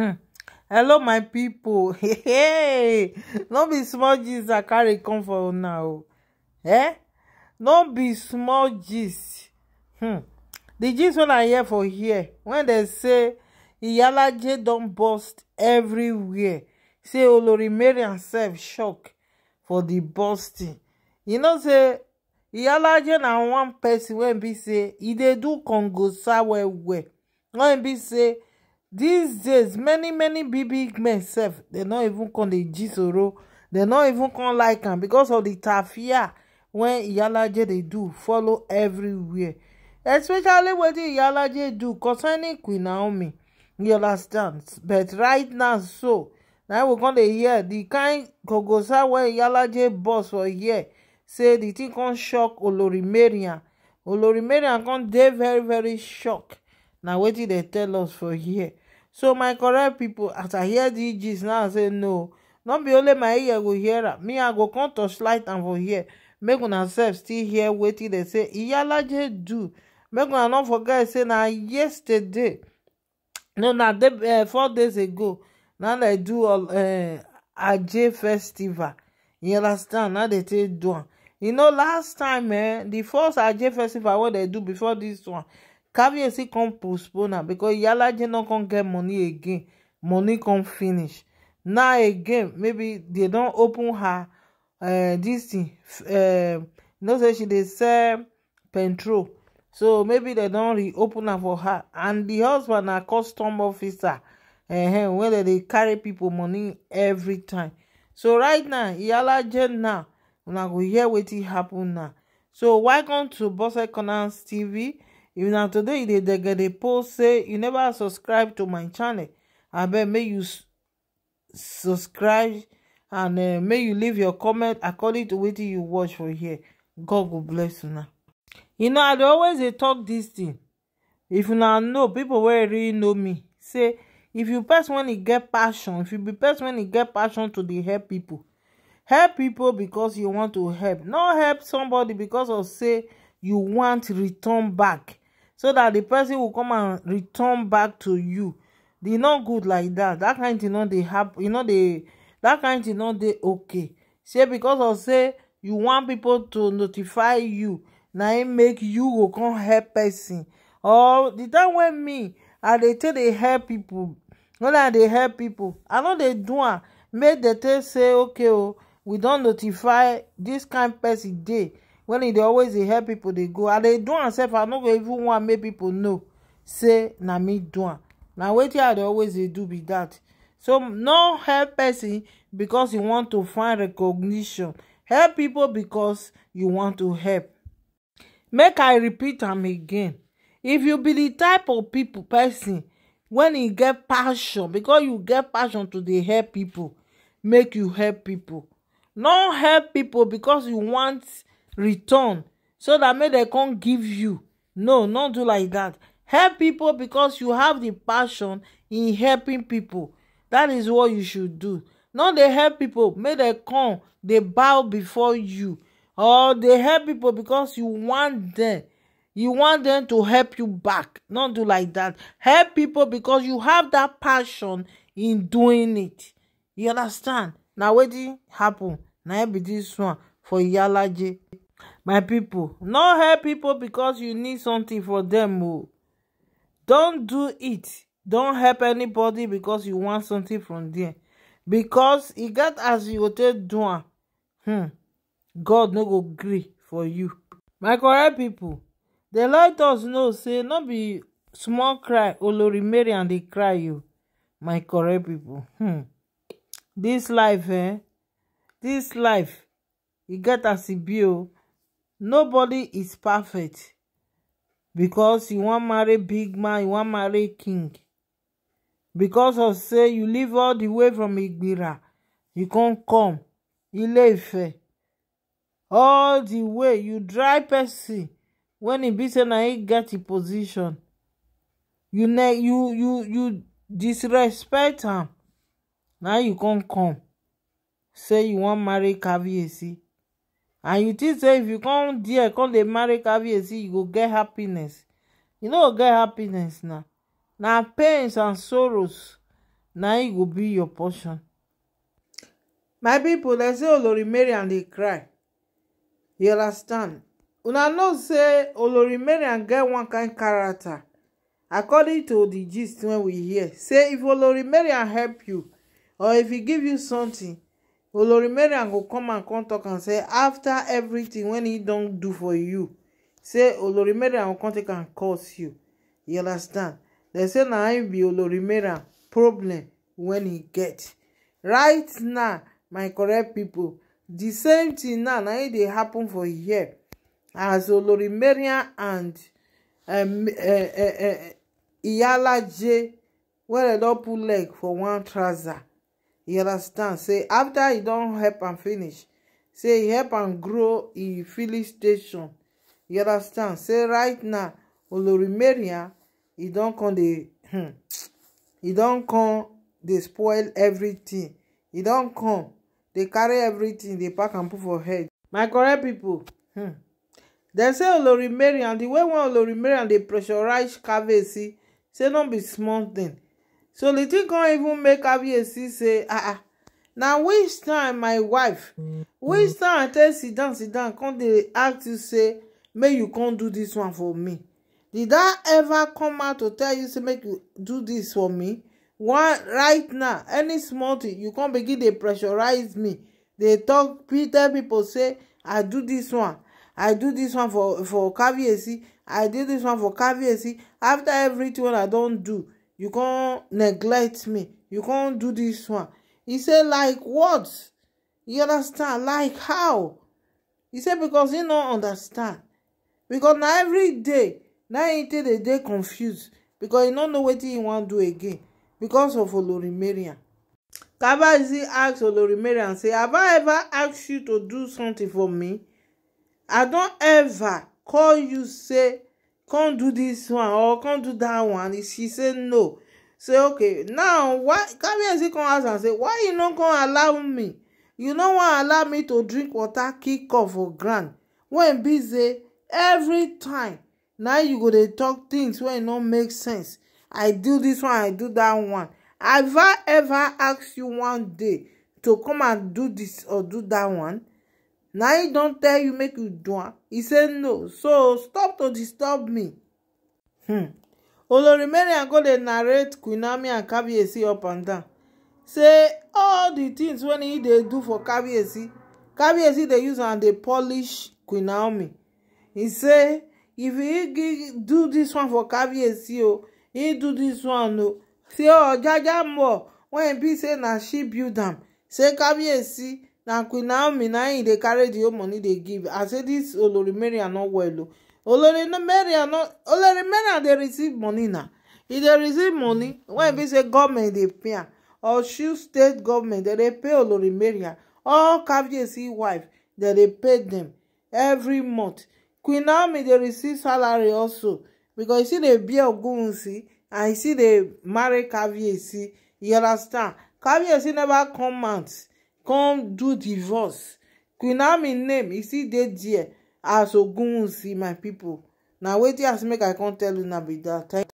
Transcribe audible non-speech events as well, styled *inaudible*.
hmm *laughs* hello my people. *laughs* hey no be small gist i carry come for una o eh no be small gist hmm The gist wey i hear for here when dem say iyalaje don burst everywhere say olori oh, mariam sef shock for di bursting you know say iyalaje na one person wey be say e dey do congosa well well wen be say These days many many big big men self they not even come the gist they not even come like him because of the tafia When iyalaje they do follow everywhere especially what wetin iyalaje do concerning queen naomi you understand but right now so na we con dey hear the kind kogosa when iyalaje boss for here say the thing con shock olorimarian olorimarian con they very very shocked. Now what wetin they tell us for here so my correct people, as i hear these gist now say no not be only my ear go hear am me i go come touch light am for here make una sef still hear wetin dem say iyalaje do make una no forget say na yesterday no na eh, four days ago na dem do eh, aje festival you understand na dem take do am you know last time eh the first aje festival wey dem do before this one Kabiyesi come postpone am because Iyalaje no come get money again. Money come finish. Now again, maybe they don't open her uh, this thing. Uh, you say she dey sell petrol. So maybe they don't reopen her for her. And the husband na custom officer. Uh-huh, when they, carry people money every time. So right now, Iyalaje now, una go hear wetin happen now. So welcome to Bose Corners TV if now today you they get dey post say you never subscribe to my channel I abeg may you subscribe and eh, may you leave your comment according to wetin you watch for here god will bless you now. you know i always they talk this thing if you now know people where really know me say if you person when you e get passion if you be person when you e get passion to the help people help people because you want to help not help somebody because of say you want return back so that the person will come and return back to you they not good like that that kind thing no they have, you know, they that kind thing no they okay say because of say you want people to notify you now it make you go come help person or the time when me i dey take dey help people when i dey help people i know they do it, make dem take say okay oh, we don't notify this kind person dey When e dey always dey help people, dey go i dey do am sef i no go even want make people know say na me do am na wetin i dey always dey do be that. so no help person because you want to find recognition help people because you want to help make i repeat am again if you be the type of people person when e get passion because you get passion to dey help people, make you help people. no help people because you want return so that may they come give you no not do like that help people because you have the passion in helping people that is what you should do not they help people may they come they bow before you or they help people because you want them you want them to help you back not do like that help people because you have that passion in doing it you understand now what did happen now be this one for iyalaje my people, no help people because you need something for them. o don do it Don't help anybody because you want something from them. Because e got as you tell take hmm god no go gree for you my correct people. The Lord does know say not be small cry olori mary and they cry you, my correct people. hmm dis life eh This life e get as e be o oh. nobody is perfect because you wan marry big man you wan marry king because of say you live all the way from igbira you con come ile ife all the way you drive person when e be say na e get e position you ne you you you disrespect am na you con come say you wan marry Esi. and you think say if you come there come dey marry see you go get happiness you no go get happiness na na pains and sorrows na e go be your portion my pipo like say olori dey cry you understand una know say olori get one kind character according to di gist wey we hear say if olori marian help you or if e give you something olorimeria go come and come tok am say after everything wen he don do for you say olorimeria go come take am curse you you understand dem say na im be olorimeria problem wen he get right now my correct pipo di same tin now na e dey happen for here as olorimeria and um eh, eh, eh, iyalaje wey dem don put leg for one trouser you understand say after e don't help and finish say help and grow e filling station you understand say right now olorimeria e don't come the. hmm, e don come They spoil everything e don't come They carry everything They pack and put for head my correct people. hmm. dem say olorimeria the way one olorimeria dey pressurize cavesi say no be small tin so the thing con even make Kabiyesi say ah ah na which time my wife which mm. time i tell sidon sidon come they ask you say May you can't do this one for me did i ever come out to tell you to make you do this for me right now any small thing you can't begin dey pressurize me They talk Peter people say i do this one i do this one for for caviarcy i do this one for caviarcy after everything i don't do you can't neglect me you can't do this one He said, like what you understand like how He said, "Because he don't understand Because now every day now him take dey dey confused Because he don't know what he want to do again because of olorimarian kabaizi ask olorimarian say have i ever asked you to do something for me i don't ever call you say Can't do this one or can't do that one she said no say okay now why kabiyesi come ask and say why you not gonna allow me you no wan allow me to drink water kick off for grand. When e busy every time Now you go dey talk things wey e no make sense i do this one i do that one have i ever asked you one day to come and do this or do that one Now he don't tell you make you do am e say no so stop to disturb me hmm. olori mariam go dey narrate queen naomi and kabiyesi up and down say all the things when he they do for kabiyesi kabiyesi they use and they polish queen He say if he do this one for kabiyesi o he do this one o say ojaja oh, mall wen e be say na she build am say kabiyesi na queen naomi na im dey carry di whole money dey give i say this olori maria no well o olori maria dey receive money na He dey receive money wen e be say government dey pay am osun state government dem dey pay olori maria all caviarcy wife dem dey pay dem every month queen naomi dey receive salary also because e still dey bear ogunwusi and e still dey marry Kavyesi you understand caviarcy never come out come do divorce queen naomi name e still dey there as ogunwusi my people. Now wait here, make i come tell you una be dat.